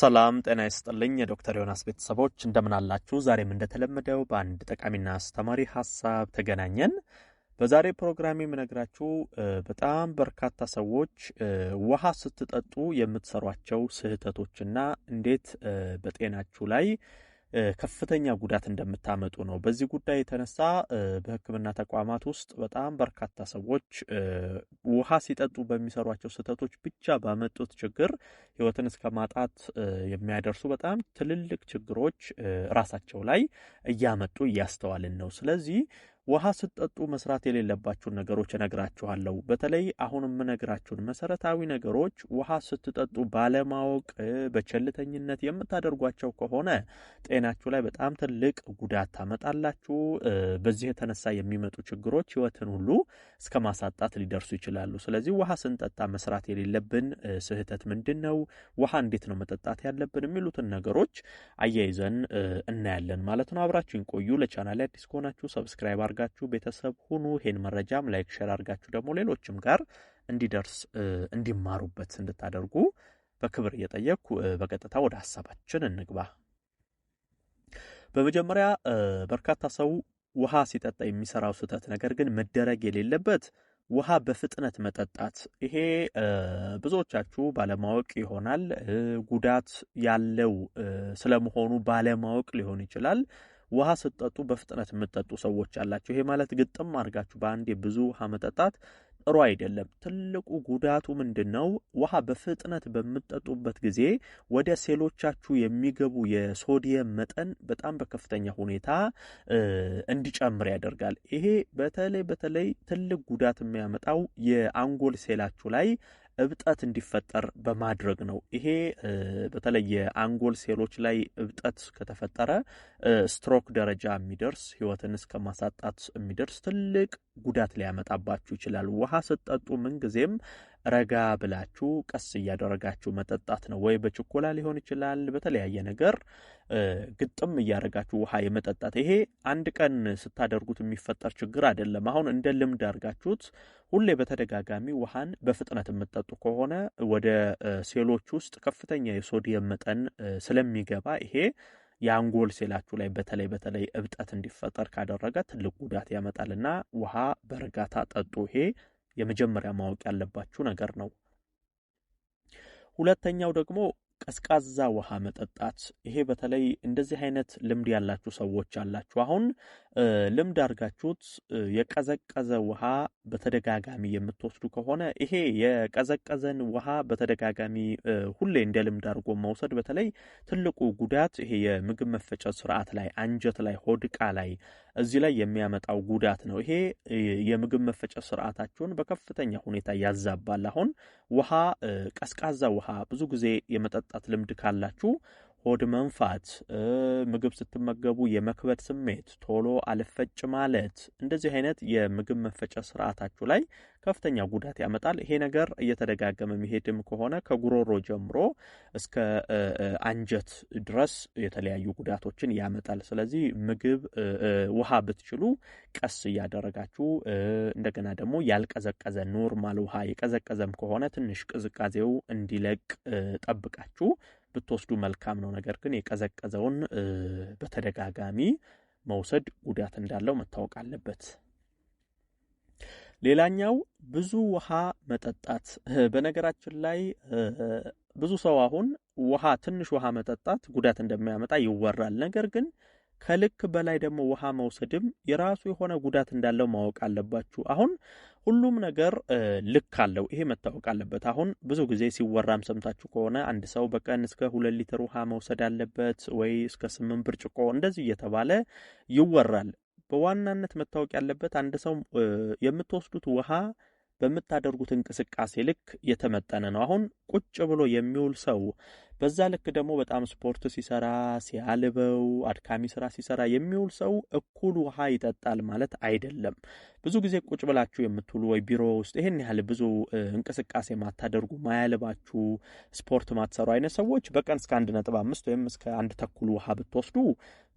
ሰላም ጤና ይስጥልኝ የዶክተር ዮናስ ቤተሰቦች እንደምናላችሁ። ዛሬም እንደተለመደው በአንድ ጠቃሚና አስተማሪ ሀሳብ ተገናኘን። በዛሬ ፕሮግራም የምነግራችሁ በጣም በርካታ ሰዎች ውሃ ስትጠጡ የምትሰሯቸው ስህተቶችና እንዴት በጤናችሁ ላይ ከፍተኛ ጉዳት እንደምታመጡ ነው። በዚህ ጉዳይ የተነሳ በሕክምና ተቋማት ውስጥ በጣም በርካታ ሰዎች ውሃ ሲጠጡ በሚሰሯቸው ስህተቶች ብቻ ባመጡት ችግር ሕይወትን እስከ ማጣት የሚያደርሱ በጣም ትልልቅ ችግሮች ራሳቸው ላይ እያመጡ እያስተዋልን ነው። ስለዚህ ውሃ ስትጠጡ መስራት የሌለባችሁን ነገሮች እነግራችኋለሁ። በተለይ አሁን የምነግራችሁን መሰረታዊ ነገሮች ውሃ ስትጠጡ ባለማወቅ በቸልተኝነት የምታደርጓቸው ከሆነ ጤናችሁ ላይ በጣም ትልቅ ጉዳት ታመጣላችሁ። በዚህ የተነሳ የሚመጡ ችግሮች ህይወትን ሁሉ እስከ ማሳጣት ሊደርሱ ይችላሉ። ስለዚህ ውሃ ስንጠጣ መስራት የሌለብን ስህተት ምንድን ነው? ውሃ እንዴት ነው መጠጣት ያለብን? የሚሉትን ነገሮች አያይዘን እናያለን ማለት ነው። አብራችሁን ቆዩ። ለቻናል አዲስ ከሆናችሁ ሰብስክራይብ አድርጋችሁ ቤተሰብ ሁኑ። ይሄን መረጃም ላይክ፣ ሼር አድርጋችሁ ደግሞ ሌሎችም ጋር እንዲደርስ እንዲማሩበት እንድታደርጉ በክብር እየጠየቅኩ በቀጥታ ወደ ሀሳባችን እንግባ። በመጀመሪያ በርካታ ሰው ውሃ ሲጠጣ የሚሰራው ስህተት ነገር ግን መደረግ የሌለበት ውሃ በፍጥነት መጠጣት። ይሄ ብዙዎቻችሁ ባለማወቅ ይሆናል። ጉዳት ያለው ስለመሆኑ ባለማወቅ ሊሆን ይችላል። ውሃ ስትጠጡ በፍጥነት የምትጠጡ ሰዎች አላቸው። ይሄ ማለት ግጥም አድርጋችሁ በአንዴ ብዙ ውሃ መጠጣት ጥሩ አይደለም። ትልቁ ጉዳቱ ምንድን ነው? ውሃ በፍጥነት በምትጠጡበት ጊዜ ወደ ሴሎቻችሁ የሚገቡ የሶዲየም መጠን በጣም በከፍተኛ ሁኔታ እንዲጨምር ያደርጋል። ይሄ በተለይ በተለይ ትልቅ ጉዳት የሚያመጣው የአንጎል ሴላችሁ ላይ እብጠት እንዲፈጠር በማድረግ ነው። ይሄ በተለይ የአንጎል ሴሎች ላይ እብጠት ከተፈጠረ ስትሮክ ደረጃ የሚደርስ ህይወትን እስከ ማሳጣት የሚደርስ ትልቅ ጉዳት ሊያመጣባችሁ ይችላል። ውሃ ስትጠጡ ምንጊዜም ረጋ ብላችሁ ቀስ እያደረጋችሁ መጠጣት ነው። ወይ በችኮላ ሊሆን ይችላል፣ በተለያየ ነገር ግጥም እያደረጋችሁ ውሃ የመጠጣት ይሄ አንድ ቀን ስታደርጉት የሚፈጠር ችግር አይደለም። አሁን እንደ ልምድ አድርጋችሁት ሁሌ በተደጋጋሚ ውሃን በፍጥነት የምትጠጡ ከሆነ ወደ ሴሎች ውስጥ ከፍተኛ የሶዲየም መጠን ስለሚገባ ይሄ የአንጎል ሴላችሁ ላይ በተለይ በተለይ እብጠት እንዲፈጠር ካደረገ ትልቅ ጉዳት ያመጣልና ውሃ በእርጋታ ጠጡ። ይሄ የመጀመሪያ ማወቅ ያለባችሁ ነገር ነው። ሁለተኛው ደግሞ ቀዝቃዛ ውሃ መጠጣት። ይሄ በተለይ እንደዚህ አይነት ልምድ ያላችሁ ሰዎች አላችሁ። አሁን ልምድ አድርጋችሁት የቀዘቀዘ ውሃ በተደጋጋሚ የምትወስዱ ከሆነ ይሄ የቀዘቀዘን ውሃ በተደጋጋሚ ሁሌ እንደ ልምድ አድርጎ መውሰድ በተለይ ትልቁ ጉዳት ይሄ የምግብ መፈጨት ስርዓት ላይ፣ አንጀት ላይ፣ ሆድቃ ላይ እዚህ ላይ የሚያመጣው ጉዳት ነው። ይሄ የምግብ መፈጨት ስርዓታችሁን በከፍተኛ ሁኔታ ያዛባል። አሁን ውሃ፣ ቀዝቃዛ ውሃ ብዙ ጊዜ የመጠጣት ልምድ ካላችሁ ሆድ መንፋት፣ ምግብ ስትመገቡ የመክበድ ስሜት፣ ቶሎ አልፈጭ ማለት እንደዚህ አይነት የምግብ መፈጨ ስርዓታችሁ ላይ ከፍተኛ ጉዳት ያመጣል። ይሄ ነገር እየተደጋገመ የሚሄድም ከሆነ ከጉሮሮ ጀምሮ እስከ አንጀት ድረስ የተለያዩ ጉዳቶችን ያመጣል። ስለዚህ ምግብ ውሃ ብትችሉ ቀስ እያደረጋችሁ እንደገና ደግሞ ያልቀዘቀዘ ኖርማል ውሃ የቀዘቀዘም ከሆነ ትንሽ ቅዝቃዜው እንዲለቅ ጠብቃችሁ ብትወስዱ መልካም ነው። ነገር ግን የቀዘቀዘውን በተደጋጋሚ መውሰድ ጉዳት እንዳለው መታወቅ አለበት። ሌላኛው ብዙ ውሃ መጠጣት። በነገራችን ላይ ብዙ ሰው አሁን ውሃ ትንሽ ውሃ መጠጣት ጉዳት እንደሚያመጣ ይወራል። ነገር ግን ከልክ በላይ ደግሞ ውሃ መውሰድም የራሱ የሆነ ጉዳት እንዳለው ማወቅ አለባችሁ። አሁን ሁሉም ነገር ልክ አለው። ይሄ መታወቅ አለበት። አሁን ብዙ ጊዜ ሲወራም ሰምታችሁ ከሆነ አንድ ሰው በቀን እስከ ሁለት ሊትር ውሃ መውሰድ አለበት ወይ እስከ ስምንት ብርጭቆ እንደዚህ እየተባለ ይወራል። በዋናነት መታወቅ ያለበት አንድ ሰው የምትወስዱት ውሃ በምታደርጉት እንቅስቃሴ ልክ የተመጠነ ነው። አሁን ቁጭ ብሎ የሚውል ሰው በዛ ልክ ደግሞ በጣም ስፖርት ሲሰራ ሲያልበው አድካሚ ስራ ሲሰራ የሚውል ሰው እኩል ውሃ ይጠጣል ማለት አይደለም። ብዙ ጊዜ ቁጭ ብላችሁ የምትውሉ ወይ ቢሮ ውስጥ ይህን ያህል ብዙ እንቅስቃሴ ማታደርጉ ማያልባችሁ፣ ስፖርት ማትሰሩ አይነት ሰዎች በቀን እስከ አንድ ነጥብ አምስት ወይም እስከ አንድ ተኩል ውሃ ብትወስዱ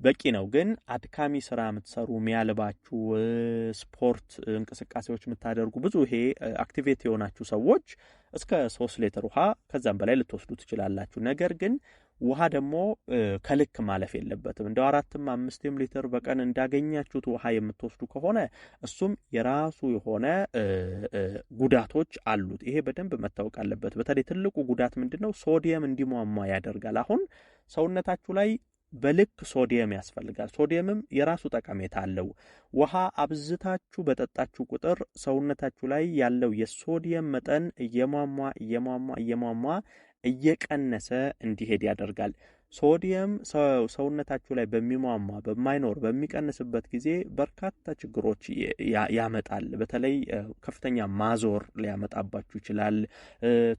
በቂ ነው። ግን አድካሚ ስራ የምትሰሩ የሚያልባችሁ፣ ስፖርት እንቅስቃሴዎች የምታደርጉ ብዙ ይሄ አክቲቬት የሆናችሁ ሰዎች እስከ ሶስት ሊትር ውሃ ከዛም በላይ ልትወስዱ ትችላላችሁ። ነገር ግን ውሃ ደግሞ ከልክ ማለፍ የለበትም። እንደው አራትም አምስትም ሊትር በቀን እንዳገኛችሁት ውሃ የምትወስዱ ከሆነ እሱም የራሱ የሆነ ጉዳቶች አሉት። ይሄ በደንብ መታወቅ አለበት። በተለይ ትልቁ ጉዳት ምንድን ነው? ሶዲየም እንዲሟሟ ያደርጋል። አሁን ሰውነታችሁ ላይ በልክ ሶዲየም ያስፈልጋል። ሶዲየምም የራሱ ጠቀሜታ አለው። ውሃ አብዝታችሁ በጠጣችሁ ቁጥር ሰውነታችሁ ላይ ያለው የሶዲየም መጠን እየሟሟ እየሟሟ እየሟሟ እየቀነሰ እንዲሄድ ያደርጋል። ሶዲየም ሰውነታችሁ ላይ በሚሟሟ በማይኖር በሚቀንስበት ጊዜ በርካታ ችግሮች ያመጣል። በተለይ ከፍተኛ ማዞር ሊያመጣባችሁ ይችላል።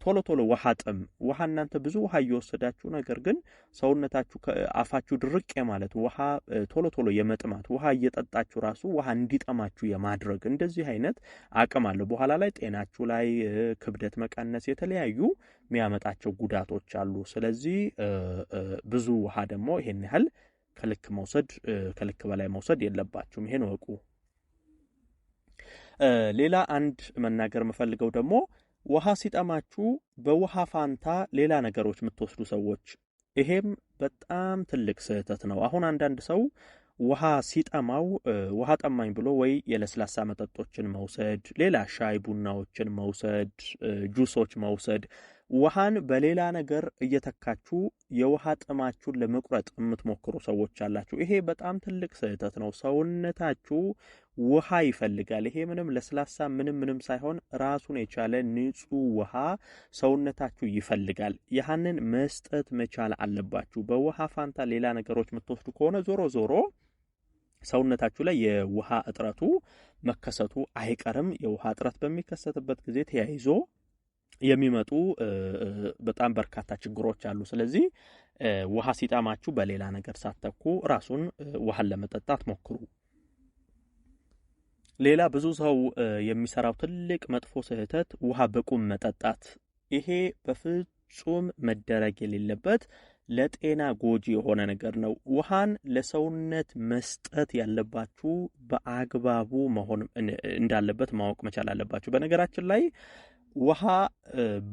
ቶሎ ቶሎ ውሃ ጥም ውሃ እናንተ ብዙ ውሃ እየወሰዳችሁ ነገር ግን ሰውነታችሁ አፋችሁ ድርቅ የማለት ውሃ ቶሎ ቶሎ የመጥማት ውሃ እየጠጣችሁ ራሱ ውሃ እንዲጠማችሁ የማድረግ እንደዚህ አይነት አቅም አለው። በኋላ ላይ ጤናችሁ ላይ ክብደት መቀነስ የተለያዩ የሚያመጣቸው ጉዳቶች አሉ። ስለዚህ ብዙ ውሃ ደግሞ ይሄን ያህል ከልክ መውሰድ ከልክ በላይ መውሰድ የለባችሁም። ይሄን ወቁ። ሌላ አንድ መናገር የምፈልገው ደግሞ ውሃ ሲጠማችሁ በውሃ ፋንታ ሌላ ነገሮች የምትወስዱ ሰዎች ይሄም በጣም ትልቅ ስህተት ነው። አሁን አንዳንድ ሰው ውሃ ሲጠማው ውሃ ጠማኝ ብሎ ወይ የለስላሳ መጠጦችን መውሰድ፣ ሌላ ሻይ ቡናዎችን መውሰድ፣ ጁሶች መውሰድ ውሃን በሌላ ነገር እየተካችሁ የውሃ ጥማችሁን ለመቁረጥ የምትሞክሩ ሰዎች አላችሁ። ይሄ በጣም ትልቅ ስህተት ነው። ሰውነታችሁ ውሃ ይፈልጋል። ይሄ ምንም ለስላሳ ምንም ምንም ሳይሆን ራሱን የቻለ ንጹህ ውሃ ሰውነታችሁ ይፈልጋል። ያህንን መስጠት መቻል አለባችሁ። በውሃ ፋንታ ሌላ ነገሮች የምትወስዱ ከሆነ ዞሮ ዞሮ ሰውነታችሁ ላይ የውሃ እጥረቱ መከሰቱ አይቀርም። የውሃ እጥረት በሚከሰትበት ጊዜ ተያይዞ የሚመጡ በጣም በርካታ ችግሮች አሉ። ስለዚህ ውሃ ሲጠማችሁ በሌላ ነገር ሳተኩ ራሱን ውሃን ለመጠጣት ሞክሩ። ሌላ ብዙ ሰው የሚሰራው ትልቅ መጥፎ ስህተት ውሃ በቁም መጠጣት። ይሄ በፍጹም መደረግ የሌለበት ለጤና ጎጂ የሆነ ነገር ነው። ውሃን ለሰውነት መስጠት ያለባችሁ በአግባቡ መሆን እንዳለበት ማወቅ መቻል አለባችሁ። በነገራችን ላይ ውሃ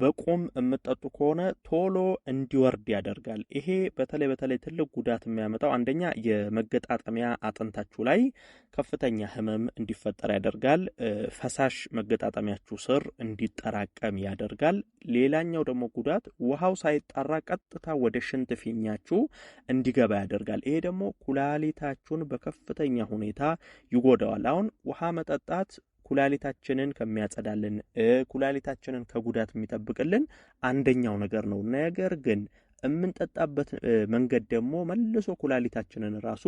በቁም የምጠጡ ከሆነ ቶሎ እንዲወርድ ያደርጋል። ይሄ በተለይ በተለይ ትልቅ ጉዳት የሚያመጣው አንደኛ የመገጣጠሚያ አጥንታችሁ ላይ ከፍተኛ ህመም እንዲፈጠር ያደርጋል። ፈሳሽ መገጣጠሚያችሁ ስር እንዲጠራቀም ያደርጋል። ሌላኛው ደግሞ ጉዳት ውሃው ሳይጣራ ቀጥታ ወደ ሽንት ፊኛችሁ እንዲገባ ያደርጋል። ይሄ ደግሞ ኩላሊታችሁን በከፍተኛ ሁኔታ ይጎዳዋል። አሁን ውሃ መጠጣት ኩላሊታችንን ከሚያጸዳልን ኩላሊታችንን ከጉዳት የሚጠብቅልን አንደኛው ነገር ነው። ነገር ግን የምንጠጣበት መንገድ ደግሞ መልሶ ኩላሊታችንን ራሱ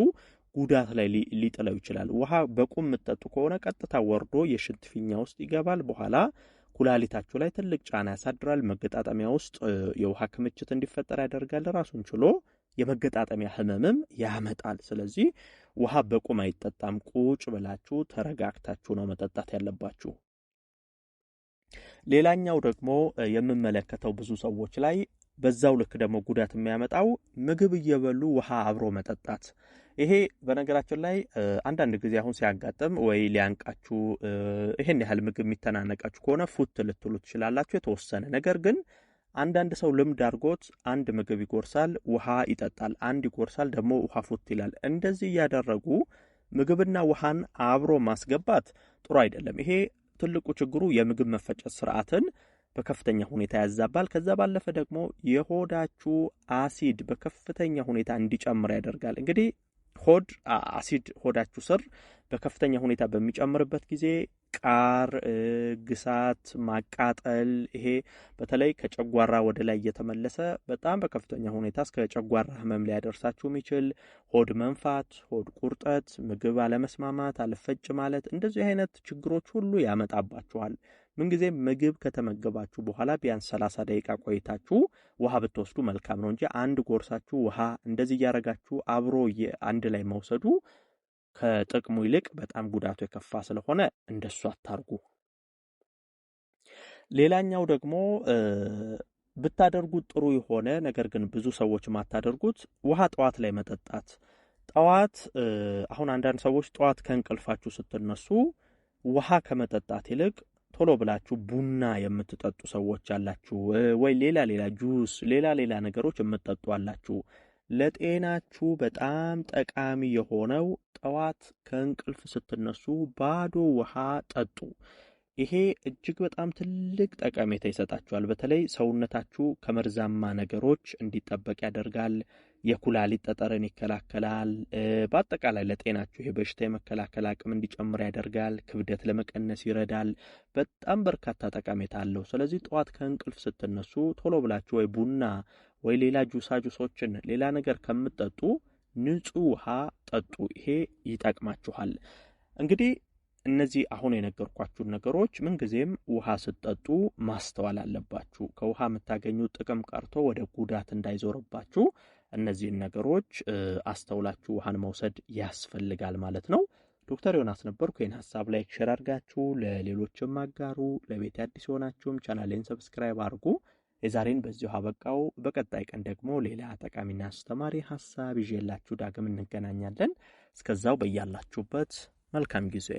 ጉዳት ላይ ሊጥለው ይችላል። ውሃ በቁም የምትጠጡ ከሆነ ቀጥታ ወርዶ የሽንት ፊኛ ውስጥ ይገባል። በኋላ ኩላሊታችሁ ላይ ትልቅ ጫና ያሳድራል። መገጣጠሚያ ውስጥ የውሃ ክምችት እንዲፈጠር ያደርጋል። ራሱን ችሎ የመገጣጠሚያ ህመምም ያመጣል። ስለዚህ ውሃ በቁም አይጠጣም። ቁጭ ብላችሁ ተረጋግታችሁ ነው መጠጣት ያለባችሁ። ሌላኛው ደግሞ የምመለከተው ብዙ ሰዎች ላይ በዛው ልክ ደግሞ ጉዳት የሚያመጣው ምግብ እየበሉ ውሃ አብሮ መጠጣት። ይሄ በነገራችን ላይ አንዳንድ ጊዜ አሁን ሲያጋጥም ወይ ሊያንቃችሁ ይሄን ያህል ምግብ የሚተናነቃችሁ ከሆነ ፉት ልትሉ ትችላላችሁ የተወሰነ ነገር ግን አንዳንድ ሰው ልምድ አድርጎት አንድ ምግብ ይጎርሳል፣ ውሃ ይጠጣል፣ አንድ ይጎርሳል፣ ደግሞ ውሃ ፉት ይላል። እንደዚህ እያደረጉ ምግብና ውሃን አብሮ ማስገባት ጥሩ አይደለም። ይሄ ትልቁ ችግሩ የምግብ መፈጨት ስርዓትን በከፍተኛ ሁኔታ ያዛባል። ከዛ ባለፈ ደግሞ የሆዳችሁ አሲድ በከፍተኛ ሁኔታ እንዲጨምር ያደርጋል። እንግዲህ ሆድ አሲድ ሆዳችሁ ስር በከፍተኛ ሁኔታ በሚጨምርበት ጊዜ ቃር፣ ግሳት፣ ማቃጠል ይሄ በተለይ ከጨጓራ ወደ ላይ እየተመለሰ በጣም በከፍተኛ ሁኔታ እስከ ጨጓራ ህመም ሊያደርሳችሁ የሚችል ሆድ መንፋት፣ ሆድ ቁርጠት፣ ምግብ አለመስማማት፣ አልፈጭ ማለት እንደዚህ አይነት ችግሮች ሁሉ ያመጣባችኋል። ምንጊዜ ምግብ ከተመገባችሁ በኋላ ቢያንስ ሰላሳ ደቂቃ ቆይታችሁ ውሃ ብትወስዱ መልካም ነው እንጂ አንድ ጎርሳችሁ ውሃ እንደዚህ እያደረጋችሁ አብሮ አንድ ላይ መውሰዱ ከጥቅሙ ይልቅ በጣም ጉዳቱ የከፋ ስለሆነ እንደሱ አታርጉ። ሌላኛው ደግሞ ብታደርጉት ጥሩ የሆነ ነገር ግን ብዙ ሰዎች ማታደርጉት ውሃ ጠዋት ላይ መጠጣት። ጠዋት አሁን አንዳንድ ሰዎች ጠዋት ከእንቅልፋችሁ ስትነሱ ውሃ ከመጠጣት ይልቅ ቶሎ ብላችሁ ቡና የምትጠጡ ሰዎች አላችሁ፣ ወይ ሌላ ሌላ ጁስ፣ ሌላ ሌላ ነገሮች የምትጠጡ አላችሁ። ለጤናችሁ በጣም ጠቃሚ የሆነው ጠዋት ከእንቅልፍ ስትነሱ ባዶ ውሃ ጠጡ። ይሄ እጅግ በጣም ትልቅ ጠቀሜታ ይሰጣችኋል። በተለይ ሰውነታችሁ ከመርዛማ ነገሮች እንዲጠበቅ ያደርጋል። የኩላሊት ጠጠርን ይከላከላል። በአጠቃላይ ለጤናችሁ ይሄ በሽታ የመከላከል አቅም እንዲጨምር ያደርጋል። ክብደት ለመቀነስ ይረዳል። በጣም በርካታ ጠቀሜታ አለው። ስለዚህ ጠዋት ከእንቅልፍ ስትነሱ ቶሎ ብላችሁ ወይ ቡና ወይ ሌላ ጁሳ ጁሶችን ሌላ ነገር ከምጠጡ ንጹህ ውሃ ጠጡ፣ ይሄ ይጠቅማችኋል። እንግዲህ እነዚህ አሁን የነገርኳችሁን ነገሮች ምንጊዜም ውሃ ስትጠጡ ማስተዋል አለባችሁ። ከውሃ የምታገኙት ጥቅም ቀርቶ ወደ ጉዳት እንዳይዞርባችሁ እነዚህን ነገሮች አስተውላችሁ ውሃን መውሰድ ያስፈልጋል ማለት ነው። ዶክተር ዮናስ ነበርኩ። ይህን ሀሳብ ላይክ ሸር አድርጋችሁ ለሌሎችም አጋሩ። ለቤት አዲስ የሆናችሁም ቻናሌን ሰብስክራይብ አድርጉ። የዛሬን በዚሁ አበቃው። በቀጣይ ቀን ደግሞ ሌላ ጠቃሚና አስተማሪ ሀሳብ ይዤላችሁ ዳግም እንገናኛለን። እስከዛው በያላችሁበት መልካም ጊዜ